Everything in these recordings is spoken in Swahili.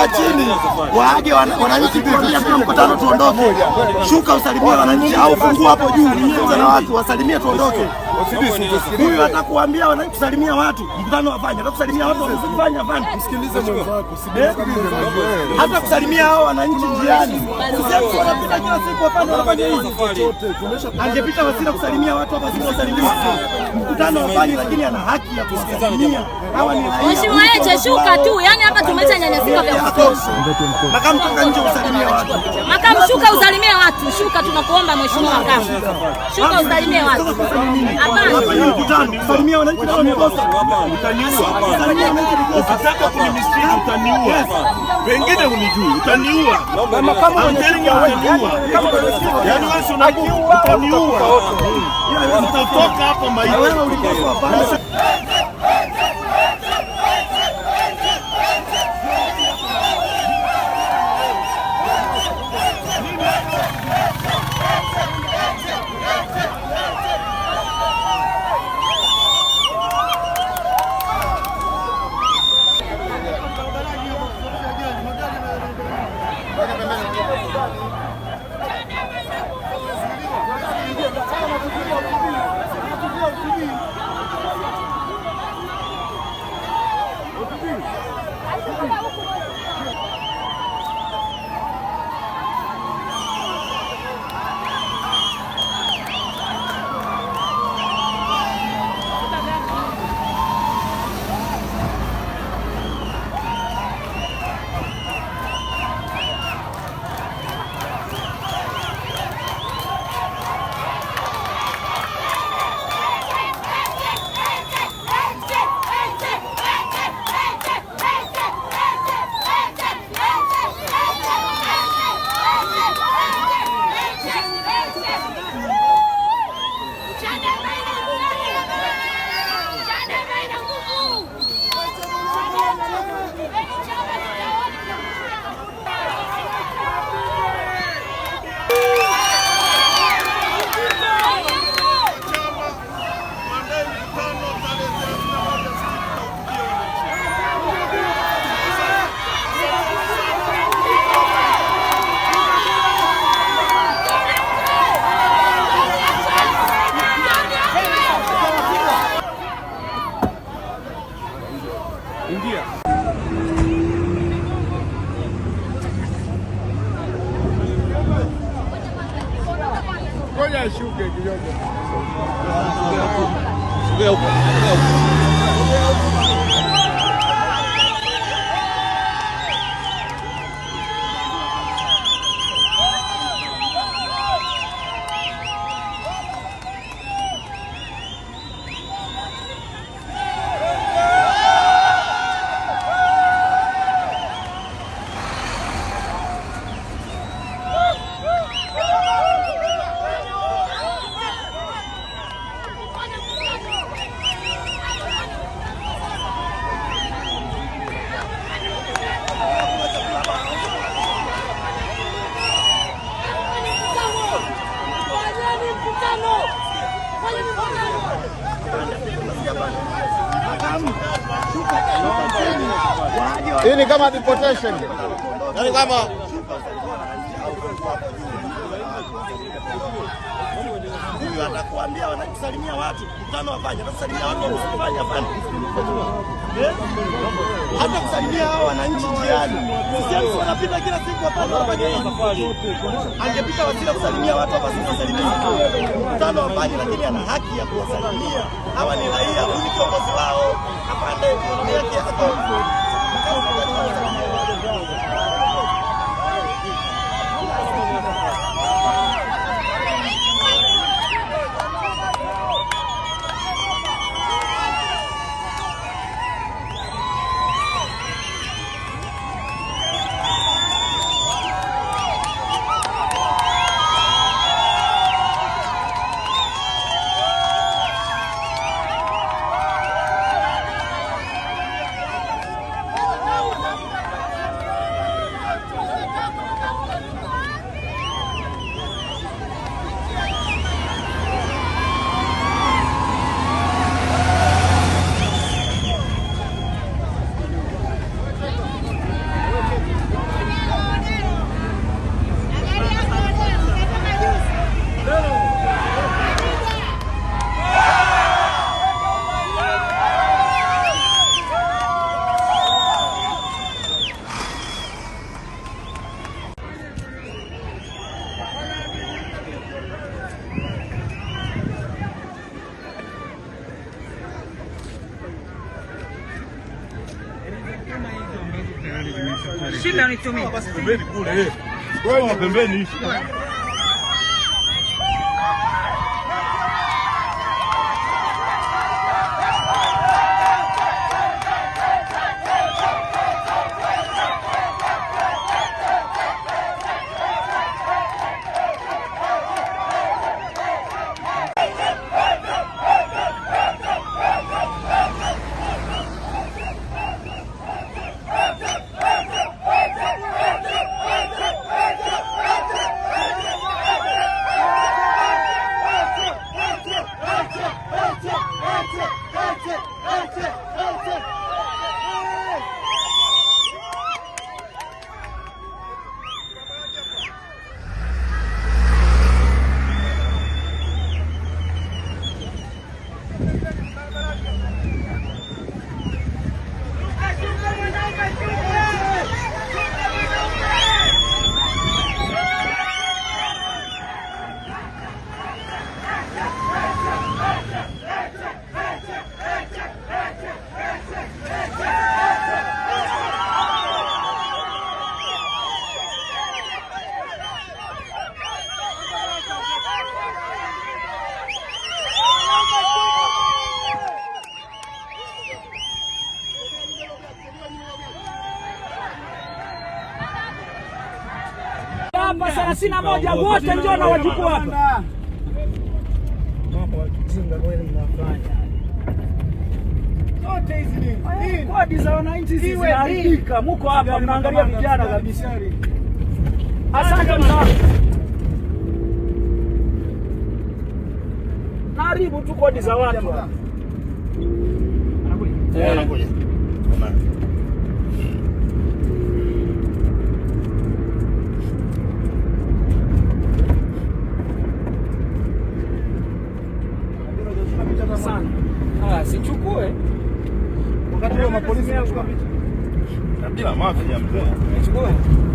mpaka chini, waage wananchi via mkutano, tuondoke. Shuka usalimie wananchi, au fungua hapo juu na watu wasalimie, tuondoke. Huyu atakuambia kusalimia watu mkutano wafanye, atakusalimia watu wasifanye afanye. Eh, Msikilize mwenzako, hata kusalimia hao wananchi njiani, sisi wanapita kila siku wafanye wafanye hizi. Angepita Wasira kusalimia watu hapa, sisi wasalimia mkutano wafanye, lakini ana haki ya kusalimia hawa. Ni mheshimiwa yeye, shuka tu, yani hapa tumesha nyanyasika vya kutosha. Makamu toka nje usalimia watu, makamu shuka usalimia Shuka, tunakuomba mheshimiwa kama. Shuka usalimie watu. Hapana. Salimia wananchi na mikosa. Utaniua hapa. Ukitaka kunimistiri utaniua hapa. Pengine unijui, utaniua. Kama kama unaniua wewe. Kama yaani wewe si unakuwa yaani yaani utaniua. Utatoka yaani hapa maiti. Thank you. Moja shuke kidogo. Sugeuka. Sugeuka. Hii ni kama deportation. Yaani kama watakuambia wanakusalimia watu, mkutano wafanya watakusalimia watu wamsifanya fanya eh? hata kusalimia hao wananchi njiani. Sisi wanapita kila siku hapa hapa angepita wasila kusalimia watu hapa, sisi salimia mkutano wafanye, lakini ana haki ya kuwasalimia. Hawa ni raia, huyu kiongozi wao apande yake hata Shida nitumie. Pembeni kule. Wewe pembeni. namba thelathini na moja wote njoo na watuku hapa. Kodi za wananchi zinaharibika, muko hapa yaani mnaangalia vijana kabisa. Yaani Asante mzaa naharibu tu kodi za watu.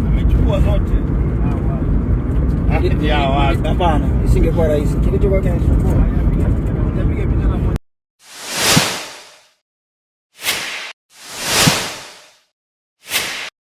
amechukua zote. Hapana, isingekuwa rahisi kilichokuwa kinasumbua